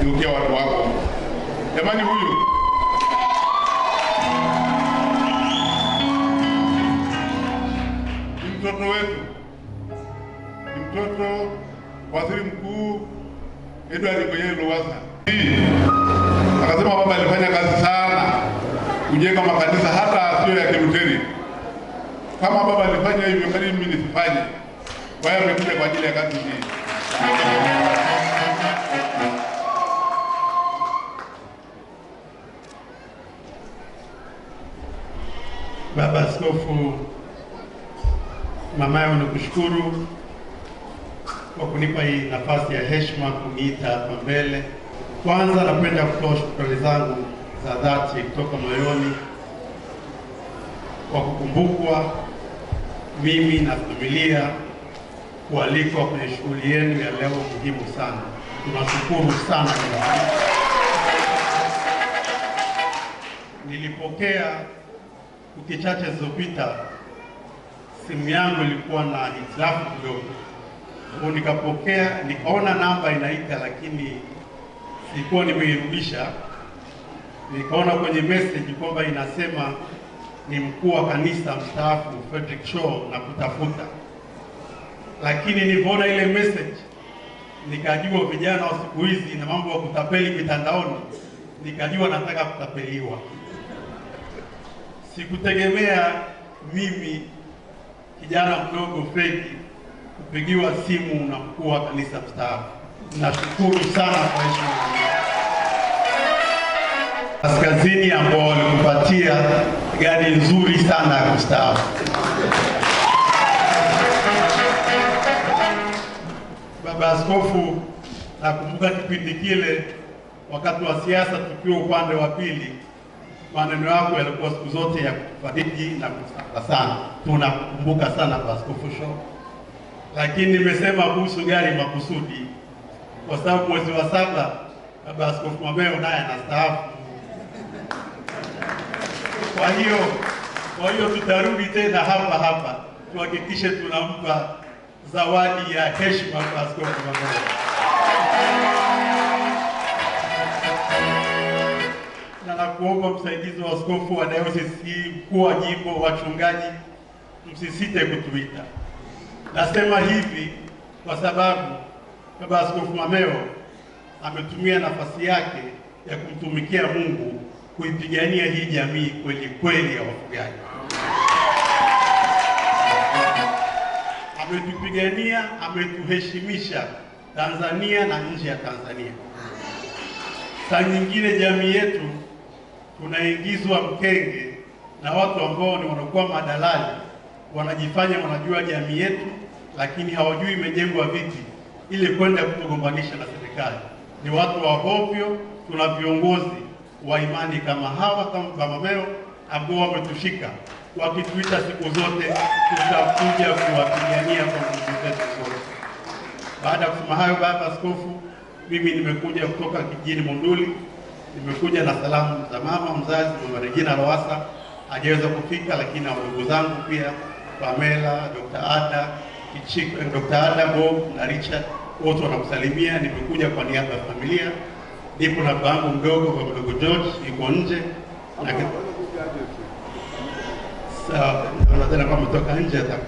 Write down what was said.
kugeukia watu wako. Jamani, huyu ni mtoto wetu, ni mtoto waziri mkuu Edward Ngoyai lowasa Akasema baba alifanya kazi sana kujenga makanisa hata sio ya Kiluteri. Kama baba alifanya hivyo, karibu mimi nisifanye. Kwa hiyo amekuja kwa ajili ya kazi hii. Baba Askofu Mamayo, nikushukuru kwa kunipa hii nafasi ya heshima kuniita hapa mbele. Kwanza napenda kutoa shukrani zangu za dhati kutoka moyoni kwa kukumbukwa mimi na familia kualikwa kwenye shughuli yenu ya leo muhimu sana. Tunashukuru sana. Nilipokea wiki chache zilizopita simu yangu ilikuwa na hitilafu kidogo, kwa nikapokea, nikaona namba inaita, lakini sikuwa nimeirudisha. Nikaona kwenye message kwamba inasema ni mkuu wa kanisa mstaafu Fredrick Shaw na kutafuta, lakini nilipoona ile message nikajua vijana wa siku hizi na mambo ya kutapeli mitandaoni, nikajua nataka kutapeliwa. Sikutegemea mimi kijana mdogo feki kupigiwa simu na mkuu wa kanisa mstaafu. Nashukuru sana kwa heshima kaskazini, ambao walikupatia gari nzuri sana ya kustaafu. Baba Askofu, nakumbuka kipindi kile wakati wa siasa tukiwa upande wa pili maneno yako yalikuwa siku zote ya kufariji na kusaka sana, tunakumbuka sana kwa Askofu Sho. Lakini nimesema kuhusu gari makusudi kwa sababu mwezi wa saba baba Askofu Mameo naye anastaafu. Kwa hiyo kwa hiyo tutarudi tena hapa hapa tuhakikishe tunampa zawadi ya heshima kwa Askofu Mameo. na nakuomba msaidizi wa askofu wa dayosisi mkuu wa jimbo, wachungaji, msisite kutuita. Nasema hivi kwa sababu baba askofu Mameo ametumia nafasi yake ya kumtumikia Mungu kuipigania hii jamii kweli kweli ya wafugaji. Ametupigania, ametuheshimisha Tanzania na nje ya Tanzania. Saa nyingine jamii yetu kunaingizwa mkenge na watu ambao ni wanakuwa madalali, wanajifanya wanajua jamii yetu, lakini hawajui imejengwa vipi, ili kwenda kutugombanisha na serikali. Ni watu wa hovyo. Tuna viongozi wa imani kama hawa, kama Baba Mero ambao wametushika wakituita siku zote, tutakuja kuwapigania kwa nguvu zetu zote. Baada ya kusema hayo, Baba Askofu, mimi nimekuja kutoka kijijini Monduli nimekuja na salamu za mama mzazi Mama Regina Lowassa hajaweza kufika, lakini na ndugu zangu pia Pamela, Dr. Ada Kichiko, eh, Dr. Ada Bob na Richard wote wanakusalimia. Nimekuja kwa niaba ya familia, nipo na babangu mdogo, kwa mdogo George yuko nje na sawa, nadhani kama mtoka nje atakuja.